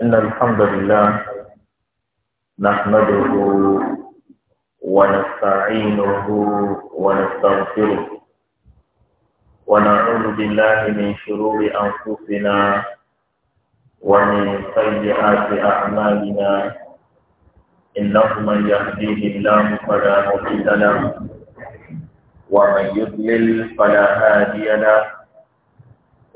إن الحمد لله نحمده ونستعينه ونستغفره ونعوذ بالله من شرور أنفسنا ومن سيئات أعمالنا إنه من يهديه الله فلا مضل له ومن يضلل فلا هادي له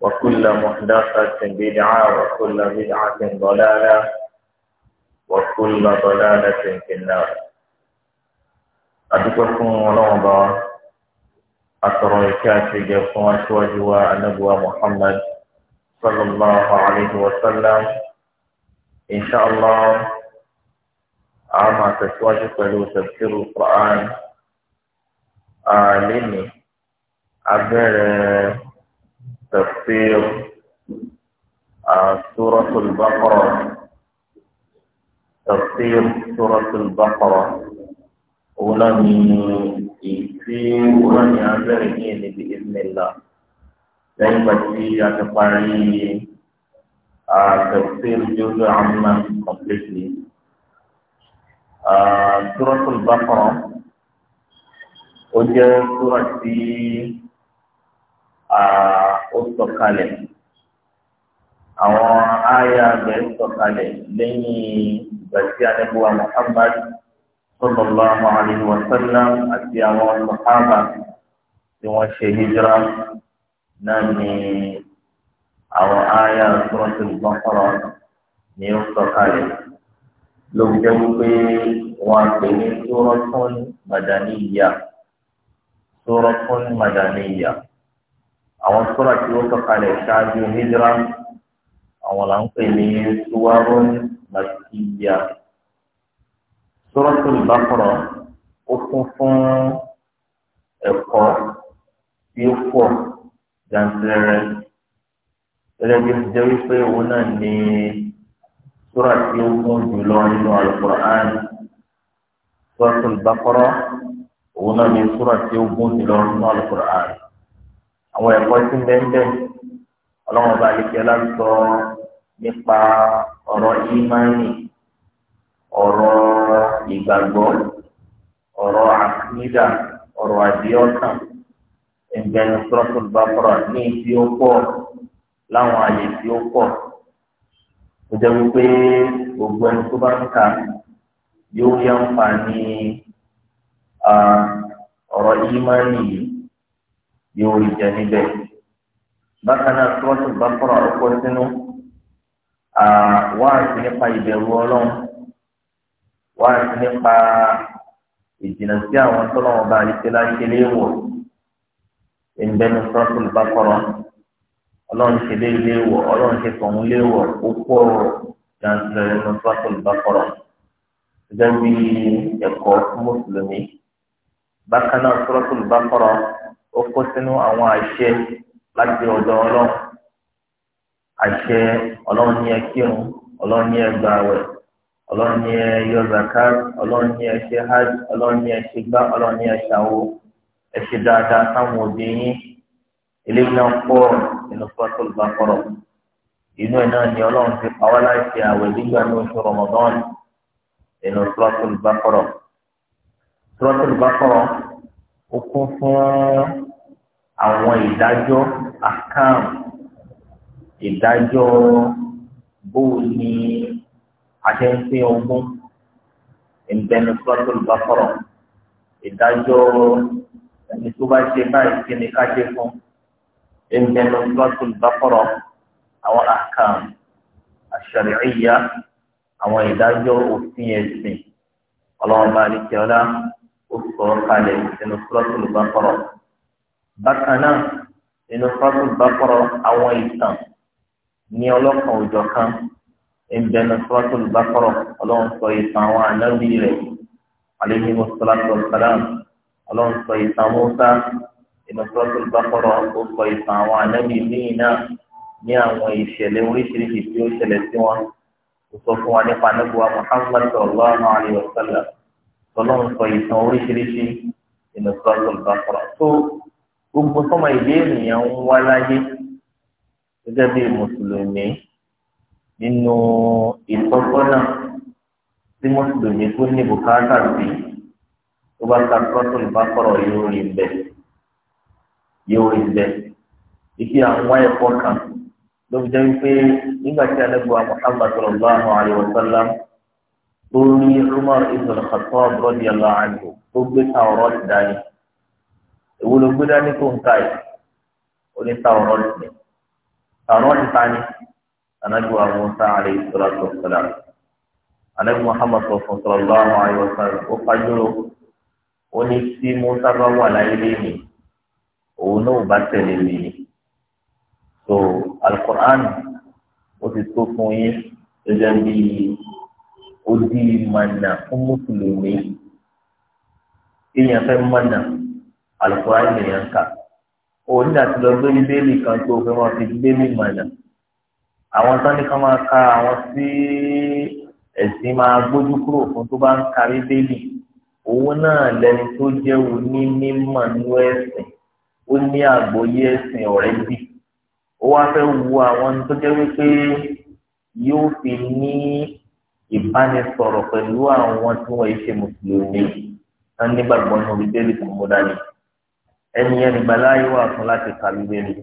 وكل محدثة بدعة وكل بدعة ضلالة وكل ضلالة في النار أدعوكم ورغبا أتركات جفوا أشواجوا النبوة محمد صلى الله عليه وسلم إن شاء الله أما تشواجه فلو تفسير القرآن آليني أبرر تفسير سورة البقرة تفسير سورة البقرة ولم في ولم يعذرين بإذن الله لأن بشي يتقاري تفسير جزء عما completely سورة البقرة وجه سورة ó sọ̀kalẹ̀ àwọn àyà rẹ̀ sọ̀kalẹ̀ lẹ́yìn ìgbà tí anábíwá Muhammad sallallahu alaihi wa sallam àti àwọn sọ̀hábà tí wọ́n ṣe hijira náà ni àwọn àyà Suratul Baqara ni ó sọ̀kalẹ̀ ló jẹ́ wípé wọ́n pè ní Suratun Madaniyya Suratun Madaniyya àwọn sọ́ra tí wọ́n kọ́kalẹ̀ ṣáájú hijra àwọn là ń pè ní suwarun makiya Suratul Baqara ó kún fún ẹ̀kọ́ tí ó pọ̀ jàǹtìrẹrẹ gẹ́gẹ́ bí ó ti jẹ́ wípé òun náà ní sura tí ó gùn jùlọ nínú Al-Qur'an Suratul Baqara òun náà ní sura tí ó gùn jùlọ nínú al àwọn ẹ̀kọ́ tí ń bẹ ń bẹ ọlọ́run ọba àlejò lásọ nípa ọ̀rọ̀ ìmánì ọ̀rọ̀ ìgbàgbọ́ ọ̀rọ̀ àkídà ọ̀rọ̀ àdìọ́kàn ìgbẹ́nu sọ́tún bàbára ní ibi ó pọ̀ láwọn àyè tí ó pọ̀ ó jẹ́ wípé gbogbo ẹni tó bá ń kà yóò yá ń fa ní ọ̀rọ̀ ìmánì yìí yóò rí jẹ níbẹ̀ bákan náà sọ́ọ́tù bá kọ́ra ọkọ sínú wáàsí nípa ìbẹ̀rù ọlọ́run wáàsí nípa ìjìnà sí àwọn tọ́lọ́wọ́n bá àdìsẹ́ láṣẹ léèwọ̀ ìbẹ̀nu sọ́ọ́tù bá kọ́ra ọlọ́run ṣe lé léèwọ̀ ọlọ́run ṣe tọ̀hún léèwọ̀ ó pọ̀ jàǹtìrẹ̀ nínú sọ́ọ́tù bá kọ́ra gẹ́gẹ́ bí ẹ̀kọ́ mùsùlùmí bákan náà sọ́ọ́tù bá kọ́ra ó kó sínú àwọn àṣẹ láti ọ̀dọ̀ ọlọ́run àṣẹ ọlọ́run ní ẹ kírun ọlọ́run ní ẹ gba àwẹ̀ ọlọ́run ní ẹ yọ zakat ọlọ́run ní ẹ ṣe hajj ọlọ́run ní ẹ ṣe gbá ọlọ́run ní ẹ ṣàwo ẹ ṣe dáadáa sáwọn òbí yín eléyìí náà pọ̀ nínú Suratul Baqara inú ẹ̀ náà ni ọlọ́run ti pàwọ́ láti àwẹ̀ nígbà ní oṣù Ramadan nínú Suratul Baqara Suratul Baqara ó kún fún àwọn ìdájọ́ akam ìdájọ́ bó ni àtẹnpẹ ogún ìbẹnu suratul Baqara ìdájọ́ ẹni tó bá ṣe báyìí kí ni ká ṣe fún ìbẹnu suratul Baqara àwọn akam àṣàríyá àwọn ìdájọ́ òfin ẹ̀sìn ọlọ́run bá ní kí ọlá ó sọ kalẹ̀ ìbẹnu suratul bákan náà nínú sọ́ọ̀tù bákọ́rọ̀ àwọn ìtàn ní ọlọ́kan òjọ̀ kan ìbẹ̀nu sọ́ọ̀tù bákọ́rọ̀ ọlọ́run sọ ìtàn àwọn ànábì rẹ̀ aleyhi musalatu wasalam ọlọ́run sọ ìtàn Mùsá nínú sọ́ọ̀tù bákọ́rọ̀ ó sọ ìtàn àwọn ànábì míì náà ní àwọn ìṣẹ̀lẹ̀ oríṣiríṣi tí ó ṣẹlẹ̀ sí wọn ó sọ fún wa nípa níbuwa Muhammad sallallahu alayhi wa sallam ọlọ́run sọ ìtàn oríṣiríṣi nínú sọ́ọ̀tù bákọ́rọ̀ tó gbogbo sọmọ ìdí ènìyàn ń wá láyé gẹ́gẹ́ bí mùsùlùmí nínú ìtọ́sọ́nà tí mùsùlùmí tó ní bùkátà sí tó bá ta sọ́tò ìbákọ̀rọ̀ yóò rí bẹ́ẹ̀ yóò rí bẹ́ẹ̀ ìfi àwọn ẹ̀kọ́ kan ló fi jẹ́ wípé nígbà tí alẹ́gbọ̀n Muhammad sallallahu alaihi wasallam tó ní Umar ibn al-Khattab radiyallahu anhu tó gbé ta ọ̀rọ̀ ti dání èwo ló gbé dání tó ń ta yìí ó ní ta ọ̀rọ̀ ní ta ọ̀rọ̀ ní ta ni anabi wa musa alayhi salatu wa salam anabi muhammad sallallahu alayhi wa sallam ó fajúro ó ní tí musa bá wà láyé lẹ́yìn òun náà bá tẹ̀lé mi so alukur'an ó ti tó fún yín gẹ́gẹ́ bí ó di mànà fún mùsùlùmí èèyàn fẹ́ mànà alukóra nìyẹn kà òun náà ti lọ gbé ní bẹ́ẹ̀lì kan tó fẹ́ wọn fi bẹ́ẹ̀lì mọ̀nà àwọn tán ní kan máa ka àwọn sí ẹ̀sìn máa gbójú kúrò fún tó bá ń karí bẹ́ẹ̀lì òun náà lẹni tó jẹ́ òní mímọ̀ nínú ẹ̀sìn ó ní àgbọ́yé ẹ̀sìn ọ̀rẹ́ bì ó wá fẹ́ wo àwọn tó jẹ́ wípé yóò fi ní ìbánisọ̀rọ̀ pẹ̀lú àwọn tí wọ́n yìí ṣe mùsùlùmí tán nígbàgbọ́ nínú bíbélì tó mú dání ẹnìyẹn nìgbàláyé wà fún láti kà Bíbélì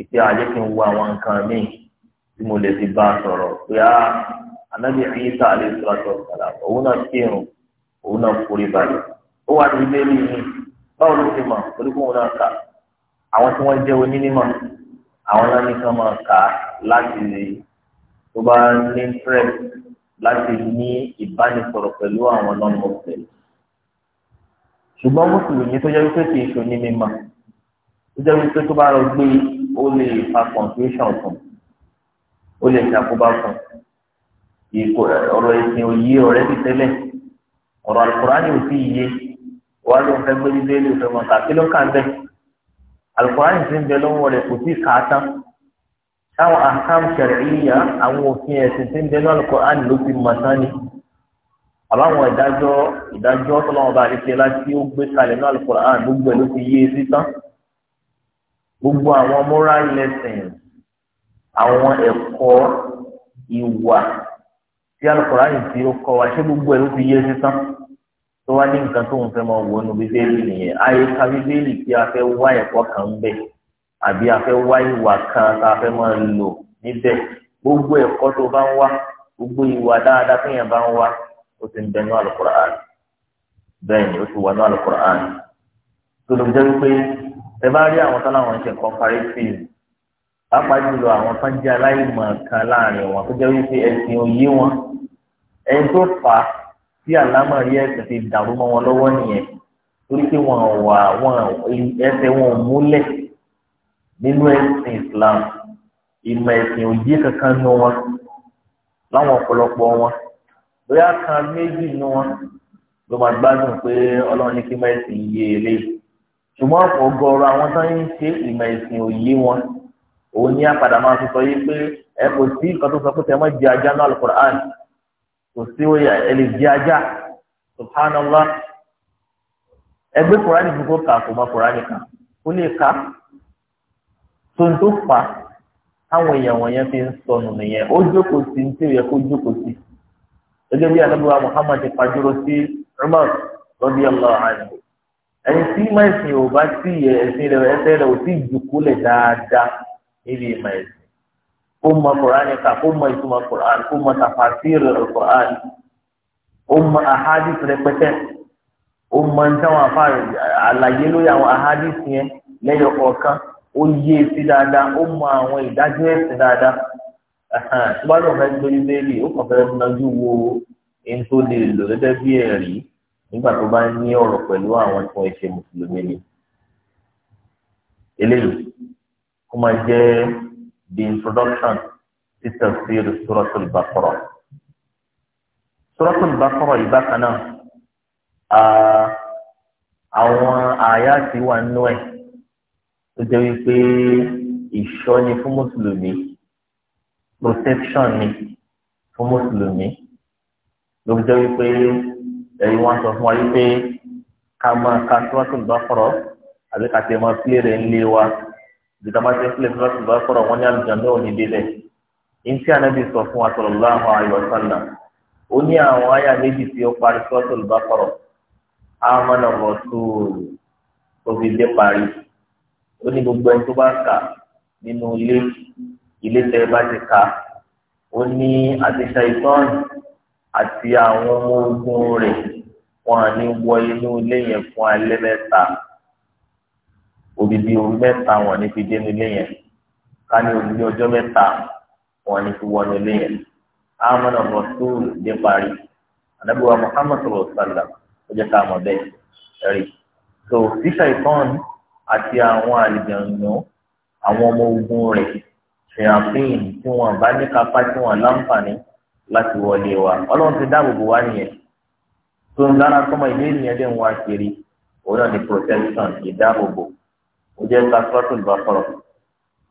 ìpè àjẹ́ kí n wo àwọn nǹkan míì tí mo lè fi bá a sọ̀rọ̀ pé a ah, ànábì Ìsá alayhi salatu wassalam òun náà kírun òun náà forí balẹ̀ ó wà ní Bíbélì yìí báwo ló ti mọ̀ torí kó náà kà àwọn tí wọ́n jẹ́ onímọ̀ àwọn náà nìkan máa kà láti tó bá ní interest láti ní ìbánisọ̀rọ̀ pẹ̀lú àwọn non-muslims ṣùgbọ́n mùsùlùmí tó jẹ́ wípé kì í ṣe ní mímọ́ tó jẹ́ wípé tó bá lọ gbé ó lè fa confusion fún ó lè ṣàkóbá fún ìkó ọ̀rọ̀ ẹ̀sìn òye ọ̀rẹ́ ti tẹ́lẹ̀ ọ̀rọ̀ alukurani ò sí iye wàá ló ń fẹ́ gbé nílé ló fẹ́ mọ̀ tàbí ló kà ń bẹ̀ alukurani ti ń bẹ lọ́wọ́ rẹ̀ kò sí kàá tán táwọn àkàǹṣẹ̀rẹ̀ yíya àwọn òfin ẹ̀sìn ti ń bẹ lọ́wọ́ alukurani ló fi mọ̀ tán àbáwọn ìdájọ́ ìdájọ́ tọ́lọ́wọ́n bá rí tẹ́lá tí ó gbé kalẹ̀ náà Al-Qur'an gbogbo ẹ̀ ló ti yé e sí tán gbogbo àwọn moral lessons àwọn ẹ̀kọ́ ìwà tí Al-Qur'an tí ó kọ́ wa ṣé gbogbo ẹ̀ ló ti yé e sí tán tó wá ní nǹkan tó ń fẹ́ máa wò nù bíbélì nìyẹn ayé ka bíbélì tí a fẹ́ wá ẹ̀kọ́ kan bẹ̀ àbí a fẹ́ wá ìwà kan tá a fẹ́ máa lò níbẹ̀ gbogbo ẹ̀kọ́ tó bá ń wá gbogbo ìwà dáadáa tó yẹn bá ń wá ó ti ń bẹ ní alukur'an bẹ́ẹ̀ ni ó ti wà ní alukur'an tó ló jẹ́ pé ẹ bá rí àwọn táwọn ṣe comparative pàápàá jùlọ àwọn tó ń jẹ́ aláìmọ̀ kan láàrin wọn tó jẹ́ wípé ẹ̀sìn òye wọn ẹni tó fà á tí àlámọ̀rí ẹ̀sìn fi dàrú mọ́ wọn lọ́wọ́ nìyẹn torí pé wọn wà wọn ẹsẹ̀ wọn múlẹ̀ nínú ẹ̀sìn Islam ìmọ̀ ẹ̀sìn òye kankan nù wọn láwọn ọ̀pọ̀lọpọ̀ wọn bóyá kan méjì nu wọn ló máa gbádùn pé ọlọ́run ní kí mẹ́sìn yé e lé ṣùgbọ́n ọ̀gọ̀ọ̀rọ̀ àwọn tó ń ṣe ìmọ̀ ìsìn òye wọn òun ní àpàdà máa fi sọ yìí pé ẹ kò sí nǹkan tó sọ pé tẹ mọ́ jẹ ajá náà Al-Qur'an kò sí òye ẹ lè jẹ ajá subhanallah ẹgbẹ́ kùránì fún kó kà kó mọ kùránì kà ó lè ka tó ń tó fà á táwọn èèyàn wọ̀nyẹn fi ń sọnù nìyẹn ó jókòó sí ní tí ó yẹ kó jókòó sí gẹ́gẹ́ bí anábíwá Muhammad ti pàjùrò sí Umar lọ́dí ọlọ́ àná ẹni tí ìmọ̀ ẹ̀sìn ò bá sí ẹ̀sìn rẹ̀ ẹsẹ̀ rẹ̀ ò sí ìdùkúlẹ̀ dáadáa níbi ìmọ̀ ẹ̀sìn kó mọ Kùránì ká kó mọ ìtumọ̀ Kùránì kó mọ tàfàsírì Kùránì ó mọ ahadith rẹpẹtẹ ó mọ nítawọn afáàrẹ àlàyé lórí àwọn ahadith yẹn lẹ́yọ kọ̀ọ̀kan ó yé e sí dáadáa ó mọ àwọn ìdájọ́ ẹ̀sìn dáadáa tó bá lóun fẹ́ gbóyún bẹ́ẹ̀lì ó kàn fẹ́ nájú wo ẹni tó lè lò gẹ́gẹ́ bí ẹ̀rí nígbà tó bá ní ọ̀rọ̀ pẹ̀lú àwọn tí wọ́n ṣe mùsùlùmí ni eléyìí kó máa jẹ́ the introduction sí tafsir Suratul Baqara Suratul Baqara yìí bákan náà àwọn àyà ti wà nú ẹ̀ tó jẹ́ wípé ìṣọ́ni fún mùsùlùmí protection ni fún mùsùlùmí ló fi jẹ́ wípé ẹ̀yin wọn sọ fún wa wípé ká máa ka sọ́ọ́tù lọ́kọ̀rọ̀ àbí ká tẹ̀ máa pílẹ̀ rẹ̀ ńlé wa ìdílé máa tẹ̀ pílẹ̀ sọ́ọ́tù lọ́kọ̀rọ̀ wọn ní àlùjáde òní délẹ̀ ìṣe ànábì sọ fún wa sallallahu alaihi wasallam ó ní àwọn àyà méjì tí ó parí sọ́ọ́tù lọ́kọ̀rọ̀ amana rasul òfin dé parí ó ní gbogbo ẹni tó bá kà nínú ilé ilé tẹ ẹ bá ti ka ó ní àtìṣà ìtọ́n àti àwọn ọmọ ogun rẹ̀ wọn à ní wọ inú ilé yẹn fún alẹ́ mẹ́ta odidi orí mẹ́ta wọn ní fi dé inú ilé yẹn ká ní odidi ọjọ́ mẹ́ta wọn ní fi wọnú ilé yẹn amọ̀nà rọ̀túùlù dé parí ànábìwá muhammadu rọ̀sálàm ó jẹ́ ká mọ̀ bẹ́ẹ̀ rí so tíṣà ìtọ́n àti àwọn àlìjànú àwọn ọmọ ogun rẹ̀ ṣèyàfín tí wọn bá ní kápá tí wọn láǹfààní láti wọlé wa ọlọ́run ti dáàbò bò wá nìyẹn tó ń dára sọmọ ìdí ènìyàn lè ń wá kiri òun náà ni protection ìdáàbò bò ó jẹ́ ká sọ́tò ìbáfọ̀rọ̀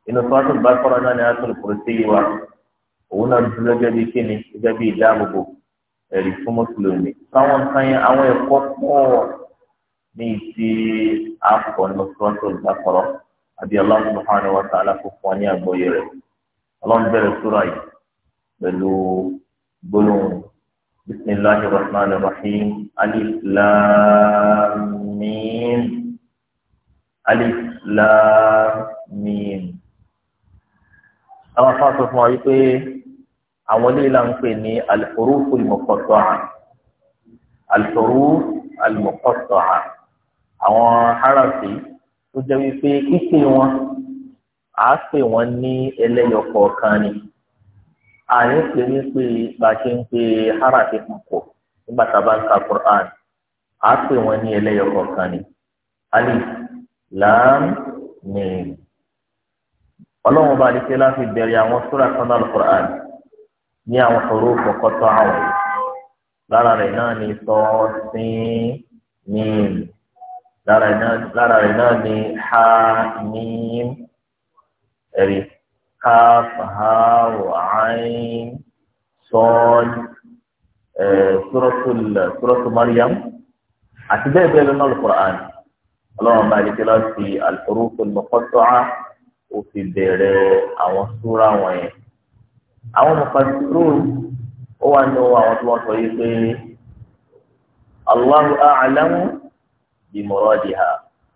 inú sọ́tò ìbáfọ̀rọ̀ náà ni a tó lè pòròtì wa òun náà dúró gẹ́gẹ́ bí kíni gẹ́gẹ́ bí ìdáàbò bò ẹ̀rí fún mùsùlùmí táwọn kan yẹn àwọn ẹ̀kọ́ pọ̀ ní ti àpọ̀ ní sọ́tò ìbáfọ̀rọ̀ àbí Allah subhanahu wa ta'ala kó fún wa ní àgbọ́yé rẹ̀ ọlọ́run bẹ̀rẹ̀ súra yìí pẹ̀lú gbólóhùn bisimilahi rahman rahim alif lam mim alif lam mim àwọn afáàsọ fún wa wípé àwọn ilé ìlànà ń pè ní alhurufu al-muqatta'a alhurufu al-muqatta'a àwọn harafi tó jẹ́ wípé kíkì wọn à á pè wọ́n ní ẹlẹ́yọ kọ̀ọ̀kan ni à ń pè wípé bá a ṣe ń pe harafi kọ̀ọ̀kọ̀ nígbà tá a bá ń ka Qur'an à á pè wọ́n ní ẹlẹ́yọ kọ̀ọ̀kan ni alif lam mim ọlọ́run bá dikẹ́ láti bẹ̀rẹ̀ àwọn sóra kan náà Qur'an ní àwọn ọ̀rọ̀ kọ̀ọ̀kọ̀ tó àwọn lára rẹ̀ náà ni sọ́ọ́sìn mim lára rẹ̀ náà ni ha ní ẹ̀rí ká fàá wàáyín sọ́ọ́n sọ́rọ́tù mariam àti bẹ́ẹ̀ bẹ́ẹ̀ lọ́nà alukur'an ọlọ́run bá dikẹ́ lọ sí alfurufu mọ́kọ́tọ́á ó fi bẹ̀rẹ̀ àwọn súra wọ̀nyẹn àwọn mọ̀kàtúrò ó wà nínú àwọn tí wọ́n sọ yìí pé Allahu a'lamu bimuradiha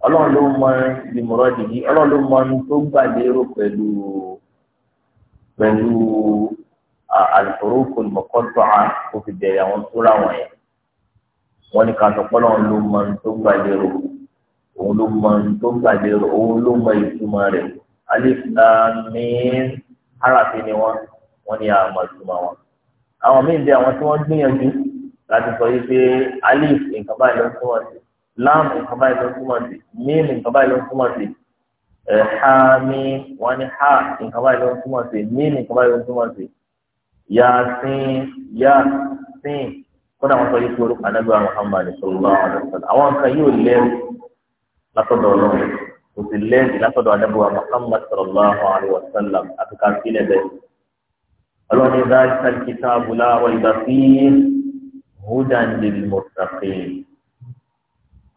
ọlọ́run ló mọ bimuradi yìí ọlọ́run ló mọ tó gbà lérò pẹ̀lú pẹ̀lú al-huruful muqatta'a kó fi bẹ̀rẹ̀ àwọn sura wọn yẹn wọn ni kàtó pọ́lọ́run ló mọ tó gbà lérò òun ló mọ tó gbà lérò òun ló mọ ìtumọ̀ rẹ̀ alif lam mim ni wọn wọn ni àmọ̀ ìtumọ̀ wọn àwọn míì bẹ àwọn tí wọ́n gbìyànjú láti sọ yìí pé alif nǹkan báyìí ló ń fún wọn sí láàmù nǹkan báyìí ló túmọ̀ sí míìmù nǹkan báyìí ló túmọ̀ sí ẹ̀ ha mi wọ́n ní ha nǹkan báyìí ló túmọ̀ sí míìmù nǹkan báyìí ló túmọ̀ sí yà sín yà sín kódà wọn sọ yìí kúrò anábì wa Muhammad sallallahu alaihi wasallam àwọn nǹkan yóò lẹ́rù látọ̀dọ̀ ọlọ́run kò sì lẹ́rù látọ̀dọ̀ anábì wa Muhammad sallallahu alaihi wasallam àti káfílẹ̀ bẹ́ẹ̀ ọlọ́run ìdá ìsàkítà abúlá àwọn ìgbà fi húdà ń dèbí mọ̀tàkì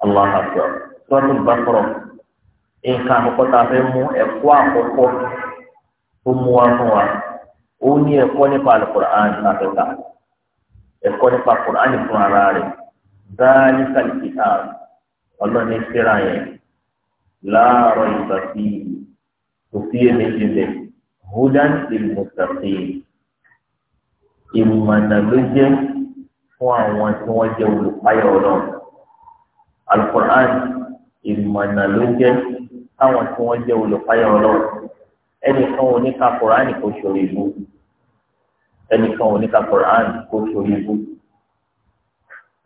allah akbar sọ́tún bàkọ́rọ̀ nǹkan àkọ́kọ́ tá a fẹ́ mú ẹ̀kọ́ àkọ́kọ́ tó mú wa fún wa ó ní ẹ̀kọ́ nípa alukur'an àfẹ́ta ẹ̀kọ́ nípa kur'an fún ara rẹ̀ dáálí kàlìkìtà ọlọ́ni síra yẹn láàárọ̀ ìgbà sí òfin èméjì bẹ́ẹ̀ hudan ilmùtàfin ìmọ̀nà ló jẹ́ fún àwọn tí wọ́n jẹ́ olùpáyọ̀ ọlọ́run alukur'an ìmọ̀nà ló jẹ́ káwọn tí wọ́n jẹ́ olùpáyà ọlọ́run ẹnìkan ò ní ka kur'an kò ṣòro ìbú ẹnìkan ò ní ka kur'an kò ṣòro ìbú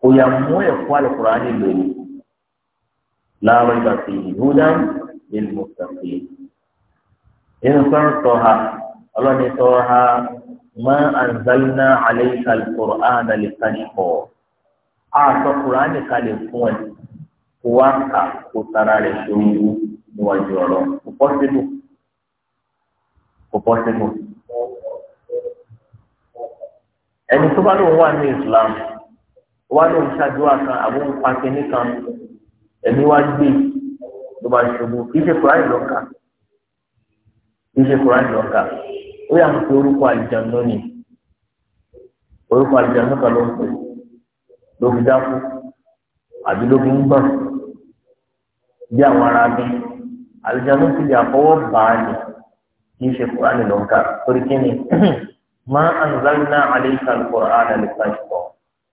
kò yà mú ẹ̀kọ́ alukur'an lòlù láàárọ̀ ìgbà tí ìhúdà nínú mọ̀tàkì nínú sọ́rọ̀ tọ́ ha ọlọ́ni tọ́ ha ma anzalna alayka alukur'an lè kájú kọ́ àtọ́ kur'an kalẹ̀ fún ẹ̀ kó wá kà kó tara rẹ̀ ṣòwò níwájú ọ̀rọ̀ kò pọ́sibú kò pọ́sibú. ẹni tó bá lóun wà ní Islam wá lóun ṣàdúrà kan àbóun pa kínní kan ẹ̀mí wá gbé ló bá ṣubú kì í ṣe kúránì lọ́ka kì í ṣe kúránì lọ́ka ó yà ń pe orúkọ àlùjànnú ni orúkọ àlùjànnú kan ló ń pè ló fi àbí ló fi bí àwọn ará bí àlùjáde ti lè àfọwọ́ bà á lè kì í ṣe kúránì ló ń kà torí kí ni má anzalna alayka al-Qur'ana litashqa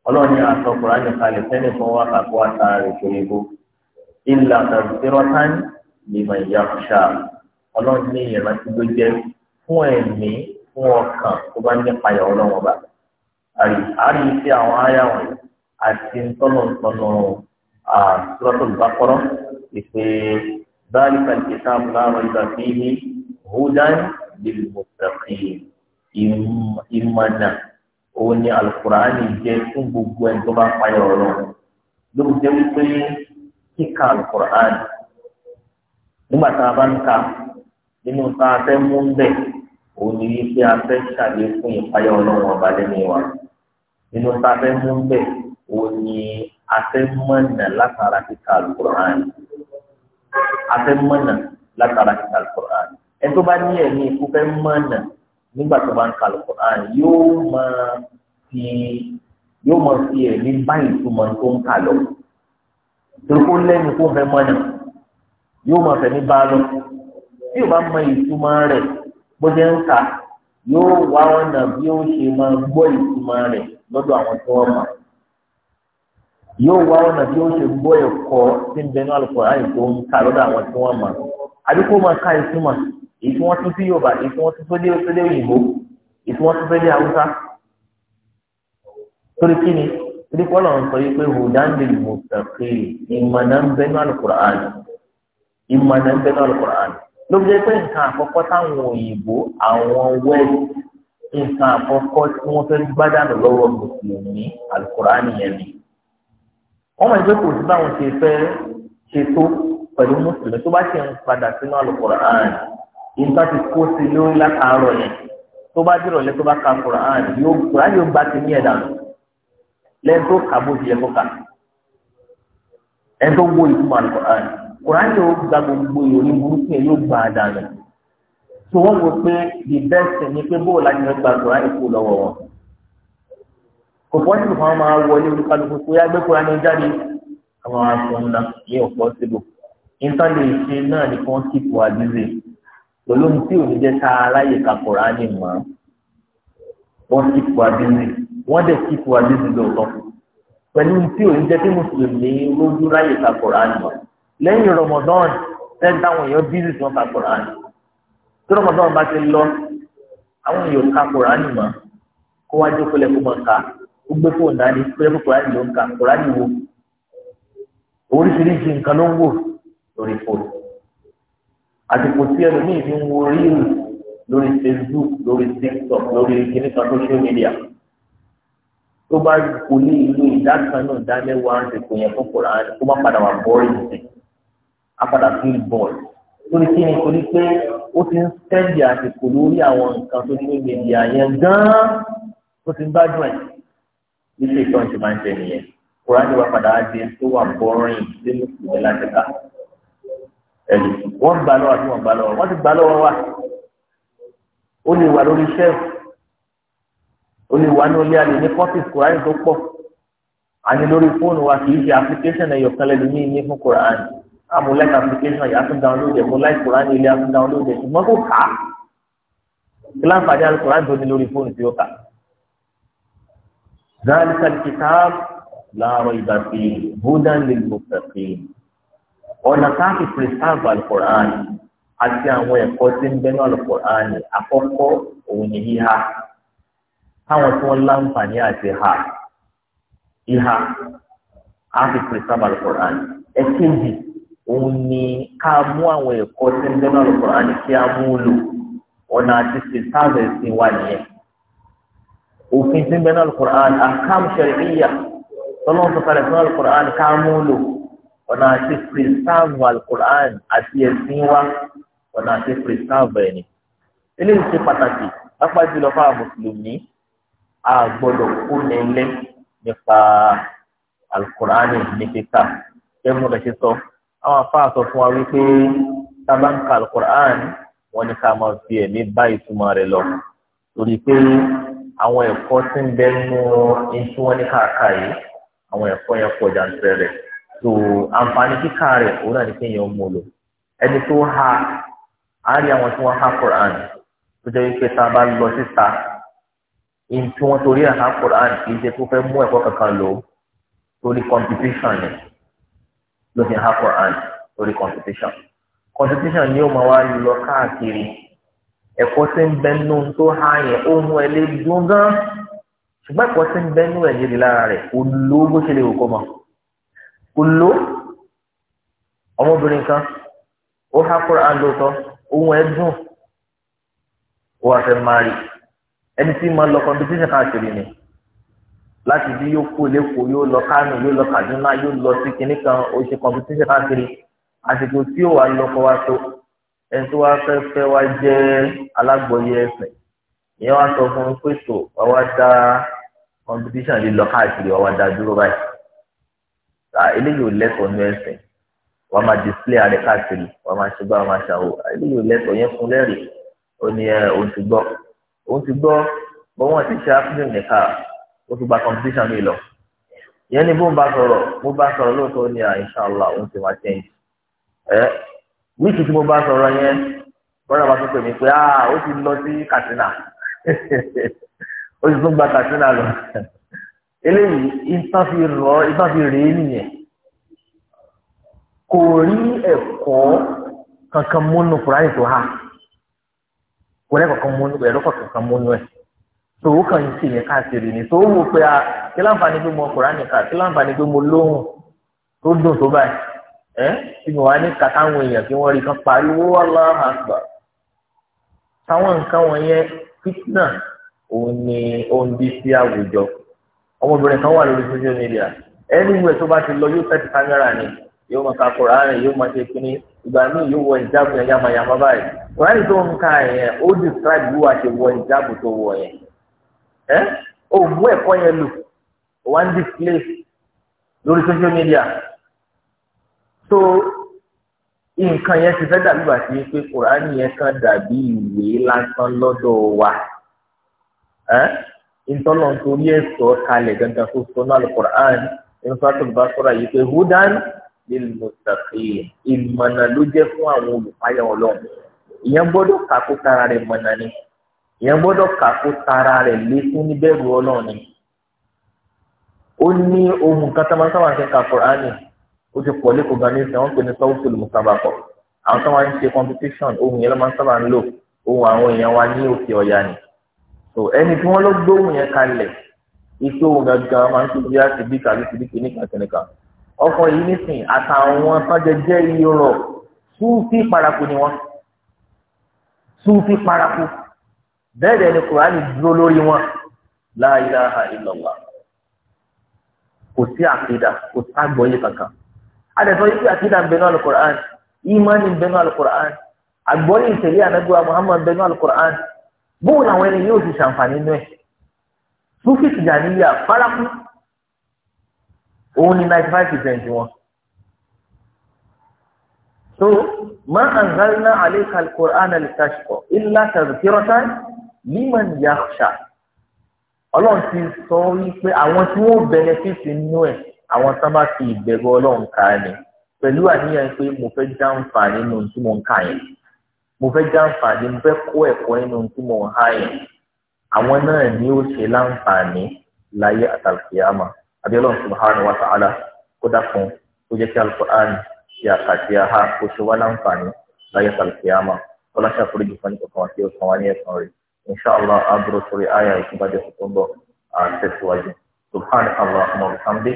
ọlọ́ọ̀ni àtọ kúránì kalẹ̀ fẹ́ni fún wa kàkó àtàrà ìṣòro ìbò illa tadhkiratan liman yakhsha ọlọ́ọ̀ni ìrántí ló jẹ́ fún ẹ̀mí fún ọkàn tó bá ní payọ̀ ọlọ́wọ́n bá àrí àrí àwọn áyà wọ̀nyí àti ntọ́nà ntọ́nà àtúrọ́tò ìbákọ́rọ́ ìpè báàlìkà ìkàbù láwọn ìgbà fi ní hudan lil muttaqin ìmọ̀nà òun ni alukur'ani jẹ́ fún gbogbo ẹni tó bá payọ̀ ọ̀rọ̀ ló ń jẹ́ wípé kíka alukur'ani nígbà tá a bá ń ka nínú tá a fẹ́ mú ń bẹ̀ òun ni wípé a fẹ́ ṣàlékún ìpayọ̀ ọlọ́run ọba lẹ́nu wa nínú tá a fẹ́ mú ń bẹ̀ òun ni a fẹ́ mọ̀nà látara kíka alukur'ani afẹ́ mọ̀nà látara kíkà alukur'an ẹni tó bá ní ẹ̀mí ikú fẹ́ mọ̀nà nígbà tó bá ń ka alukur'an yóò máa fi yóò máa fi ẹ̀mí báyìí túmọ̀ tó ń kà lọ tòkó lẹ́nu kó fẹ́ mọ̀nà yóò máa fẹ̀mí bá lọ tí o bá mọ ìtumọ̀ rẹ̀ bó ń kà yóò wá ọ̀nà bí ó ṣe máa gbọ́ ìtumọ̀ rẹ̀ lọ́dọ̀ àwọn tí wọ́n mọ̀ yóò wá ọ̀nà tí ó ṣe gbọ́ ẹ̀kọ́ tí ń bẹ ní Al-Qur'ani tó ń kà lọ́dọ̀ àwọn tí wọ́n mọ̀ àbí kó máa ka ìtumọ̀ èyí tí wọ́n tún sí Yorùbá èyí tí wọ́n tún sódé sódé òyìnbó èyí tí wọ́n tún sódé Haúsá. torí kí ni torí kọ́ lọ́n sọ yìí pé hùdáǹdì mùsàkè ìmọ̀nà ń bẹ ní Al-Qur'ani ìmọ̀nà ń bẹ ní Al-Qur'ani ló fi jẹ́ pé nǹkan àkọ́kọ́ táwọn òyìnbó àwọn west nǹkan àkọ́kọ́ tí wọ́n fẹ́ gbádànù lọ́wọ́ mùsùlùmí Al-Qur'ani yẹn ni wọ́n mọ̀ nípa kò sí báwọn ṣe fẹ́ ṣe tó pẹ̀lú mùsùlùmí tó bá ṣe ń padà sínú Al-Qur'an nǹkan ti kó sí lórí látàárọ̀ yẹn tó bá dìrọ̀ lẹ́ tó bá ka Qur'an yóò Qur'an yóò gba ti ní ẹ̀dá lẹ́yìn tó kà bó tilẹ̀ kó kà ẹni tó wó ìtumọ̀ Al-Qur'an Qur'an yóò gba gbogbo ìròyìn burúkú yẹn yóò gba àdánù tó wọ́n wò pé the best ni pé bóòlù àti ẹgbàá Qur'an kú lọ́wọ́ wọn kò pọ́sibù kan máa wọlé olúkálukú kó yá gbé kóra ní jáde àwọn aṣọ ńlá ní ọ̀pọ̀sibù nǹkan lè ṣe náà ní kí wọ́n sì kó àdúzè pẹ̀lú ohun tí òní jẹ́ ká aráyè ka kóra ní mọ́ wọ́n sì kó àdúzè wọ́n dẹ̀ sì kó àdúzè lóòótọ́ pẹ̀lú ohun tí òní jẹ́ kí mùsùlùmí lójú ráyè ka ní mọ́ lẹ́yìn Ramadan sẹ́ńtà àwọn èèyàn bízì tí wọ́n ka ní tí Ramadan bá ti lọ àwọn èèyàn ka kóra ní mọ́ kó wájú kó lẹ́kọ̀ọ́ ká ó gbé fóònù dání pé kó kúránì ló ń kà kúránì wo oríṣiríṣi nǹkan ló ń wò lórí fóònù àsìkò tí ẹlòmíì fi ń wo ríìlì lórí Facebook lórí TikTok lórí kíní kan social media tó bá kò ní ìlú ìdákan náà dá mẹ́wàá àsìkò yẹn fún kúránì tó bá padà wà bọ́ọ̀rì sí a padà fi bọ́ọ̀lù lórí kíni torí pé ó ti ń sẹ́ndì àsìkò lórí àwọn nǹkan social media yẹn gan-an ó ti ń gbádùn ẹ̀ bí ṣètọ́n ti máa ń ṣe nìyẹn kúránì wa padà á di tó wà bọ́rìn sí mùsùlùmí láti ká ẹ̀lú wọ́n gbà lọ́wọ́ àti wọ́n gbà lọ́wọ́ wọ́n ti gbà lọ́wọ́ wa ó lè wà lórí ṣẹ́ẹ̀fù ó lè wà ní olé alẹ́ ní kọ́fíìsì kúránì tó pọ̀ àní lórí fóònù wa kì í ṣe application ẹ̀yọ̀kan lẹ́nu ní ní fún kúránì àmú like application yìí àtún download ẹ̀ mú like kúránì ilé àtún download ẹ̀ ṣùgbọ́n kò kà á kí láǹfààní àlùkùránì tó ní lórí fóònù tí ó kà á. ذلك الكتاب لا ريب فيه هدى للمتقين ọ̀nà káàkiri preserve alukur'an àti àwọn ẹ̀kọ́ tí ń bẹ́nu alukur'an àkọ́kọ́ òun ni híha táwọn tí wọ́n láǹfààní àti ha híha káàkiri preserve alukur'an ẹ̀kejì òun ni ká mú àwọn ẹ̀kọ́ tí ń bẹ́nu alukur'an kí á mú lò ọ̀nà àti preserve ẹ̀sìn wa nìyẹn òfin tí ń bẹ náà alukur'an akam shar'iyya tọ́lọ́n tó kalẹ̀ fún alukur'an kámúlò ọ̀nà àti pírísàvù alukur'an àti ẹ̀sìn wa ọ̀nà àti pírísàvù ẹ̀ ni. eléyìí ṣe pàtàkì lápá jùlọ fáwọn mùsùlùmí a gbọ́dọ̀ kó nílé nípa alukur'an ní kíkà kẹ́ mú lọ́ọ́ ṣe sọ àwọn afáà sọ fún wa wípé tábàǹkà alukur'an wọn ni ká máa fi ẹ̀mí bá ìtumọ̀ rẹ̀ lọ torí pé àwọn ẹ̀kọ́ tí ń bẹ nínú iṣu wọn ní káàká yìí àwọn ẹ̀kọ́ yẹn pọ̀ jàǹtẹ̀ rẹ̀ tó àǹfààní kíkà rẹ̀ òun náà ní kéèyàn mú lò ẹni tó ha á àwọn tí wọ́n há Quran tó jẹ́ wípé tá a bá lọ síta ìyẹn tí wọ́n torí àhá Quran kì í ṣe tó fẹ́ mú ẹ̀kọ́ kankan lò torí competition ni ló fi há Quran torí competition competition ni ó máa wá lọ káàkiri ẹ̀kọ́ tí ń bẹ nínú tó há yẹn ó mú ẹ lé dún gan ṣùgbọ́n ẹ̀kọ́ tí ń bẹ nínú ẹ̀ níbi lára rẹ̀ kò ló bó ṣe lè kọ́ mọ́ kò ló ọmọbìnrin kan ó há Kùránì lóòótọ́ ohun ẹ̀ dùn ó wà fẹ́ máa rí ẹni tí máa lọ kọ́mpítíṣàn káàkiri ni láti bí yóò kó lẹ́kọ̀ọ́ yóò lọ Kánò yóò lọ Kaduna yóò lọ sí kinní kan ó ṣe kọ́mpítíṣàn káàkiri àsìkò tí ó wà lọ́kọ̀ wá tó ẹni tó wá fẹ́ fẹ́ wá jẹ́ alágbọ̀yé ẹ̀sìn ìyẹn wá sọ fún un pé tó wá wá dá competition lè lọ káàkiri wá wá dá dúró báyìí ta eléyìí ò lẹ́tọ̀ọ́ ní ẹ̀sìn wà á máa display ààrẹ káàkiri wà á máa ṣe bá wà á máa ṣàwò eléyìí ò lẹ́tọ̀ọ́ yẹn fún lẹ́rìí ó ní ẹ òun ti gbọ́ òun ti gbọ́ bọ́ wọ́n ti ṣe ápùlù nìka ó ti gba competition mi lọ ìyẹn ni bó ń bá sọ̀rọ̀ bó bá sọ̀rọ̀ lóòótọ́ ní à níṣì tí mo bá sọ̀rọ̀ yẹn bọ́dà bá tún pè mí pé ah ó ti lọ sí Katsina ó ti tún gba Katsina lọ eléyìí ìtàn fi rọ ìtàn fi rèé nìyẹn kò rí ẹ̀kọ́ kankan múnú kúráyì tó hà kò kankan múnú ẹ̀rọ kankan múnú ẹ̀ tòun kàn ń ṣe yẹn káàkiri ni o wò pé a ah, kí láǹfààní pé mo kúráyì kà kí láǹfààní ẹ tí mo wá ní kàtàwọn èèyàn kí rí kan pariwo táwọn nǹkan fitna òun ni òun sí àwùjọ ọmọbìnrin kan wà lórí social media tó bá ti lọ yóò kámẹ́rà ni yóò máa yóò máa ṣe kíní ìgbà míì yóò wọ yẹn báyìí tó ń ka yẹn ó describe bí wàá ṣe wọ tó wọ yẹn ẹ mú ẹ̀kọ́ yẹn lò display lórí social media tó nǹkan yẹn ti fẹ́ dàbí bàtí pé kùránì yẹn kan dàbí ìwé lásán lọ́dọ̀ wa ntọ́lọ̀ nítorí ẹ̀ sọ kalẹ̀ gangan tó sọ náà kùránì nífàtò bá sọ̀rọ̀ yìí pé hudan lil mustaqim ìmọ̀nà ló jẹ́ fún àwọn olùpayà ọlọ́run ìyẹn gbọ́dọ̀ kàkó tara rẹ̀ mọ̀nà ni ìyẹn gbọ́dọ̀ kàkó tara rẹ̀ lékún níbẹ̀rù ọlọ́run ni ó ní ohun kan tá a máa sábà ń kẹ́ka kùránì ó ti pọ̀ lẹ́kọ̀ọ́ gan ní ìsẹ̀wọ́n pé ní sọ́wọ́sọ̀lù mùsàbàkọ̀ àwọn tó wá ń ṣe competition ohun yẹn ló máa ń sábà ń lò ohun àwọn èèyàn wa ní òkè ọ̀yà ni so ẹni tí wọ́n ló gbóhùn yẹn kalẹ̀ iṣẹ́ ohun gangan máa ń tóbi á ti bí tàbí ti bí kìíní kan kìíní kan ọkọ̀ yìí nísìn àtàwọn tọ́jẹjẹ́ iye rọ̀ súnfì paraku ni wọ́n súnfì paraku bẹ́ẹ̀ ni kùránì dúró lórí wọn la ilaha illallah kò sí àkídà kò sí àgbọ́yé kankan adẹ̀tọ́ yìí àkídà ń bẹnu alukur'an ìmánì ń bẹnu alukur'an àgbọ́lé ìtẹ̀lé ànágbéwà muhammad ń bẹnu alukur'an bóun làwọn ẹni yóò ti ṣàǹfààní nú ẹ̀ sufi tìjàníyà farakú òun ni ninety five percent wọn. so ma anzalna alayka alukur'an alitashqa illa tazkiratan liman yakhsha ọlọ́run ti sọ wípé àwọn tí wọ́n benefit nú ẹ̀ àwọn tán bá fi ìbẹ̀rù ọlọ́run kà á ni pẹ̀lú àníyàn pé mo fẹ́ jàǹfà nínú tí mo ń kà yẹn mo fẹ́ jàǹfà ní mo fẹ́ kó ẹ̀kọ́ nínú tí mo ń há yẹn àwọn náà ni ó ṣe láǹfààní láyé àtàlùkìyàmà abiyalọ́n subhanahu wa ta'ala kó dákun kó jẹ́ kí alukur'an ṣe àkàtì àhá kó ṣe wá láǹfààní láyé àtàlùkìyàmà wọ́n láṣà kúrò jù fún àti ọ̀sán wa ní ẹ̀sán rẹ̀ inṣàlá àbúrò sórí àyà ìtúbàjẹ́ tó tó ń bọ̀ àtẹ̀síwájú subhanahu wa ta'ala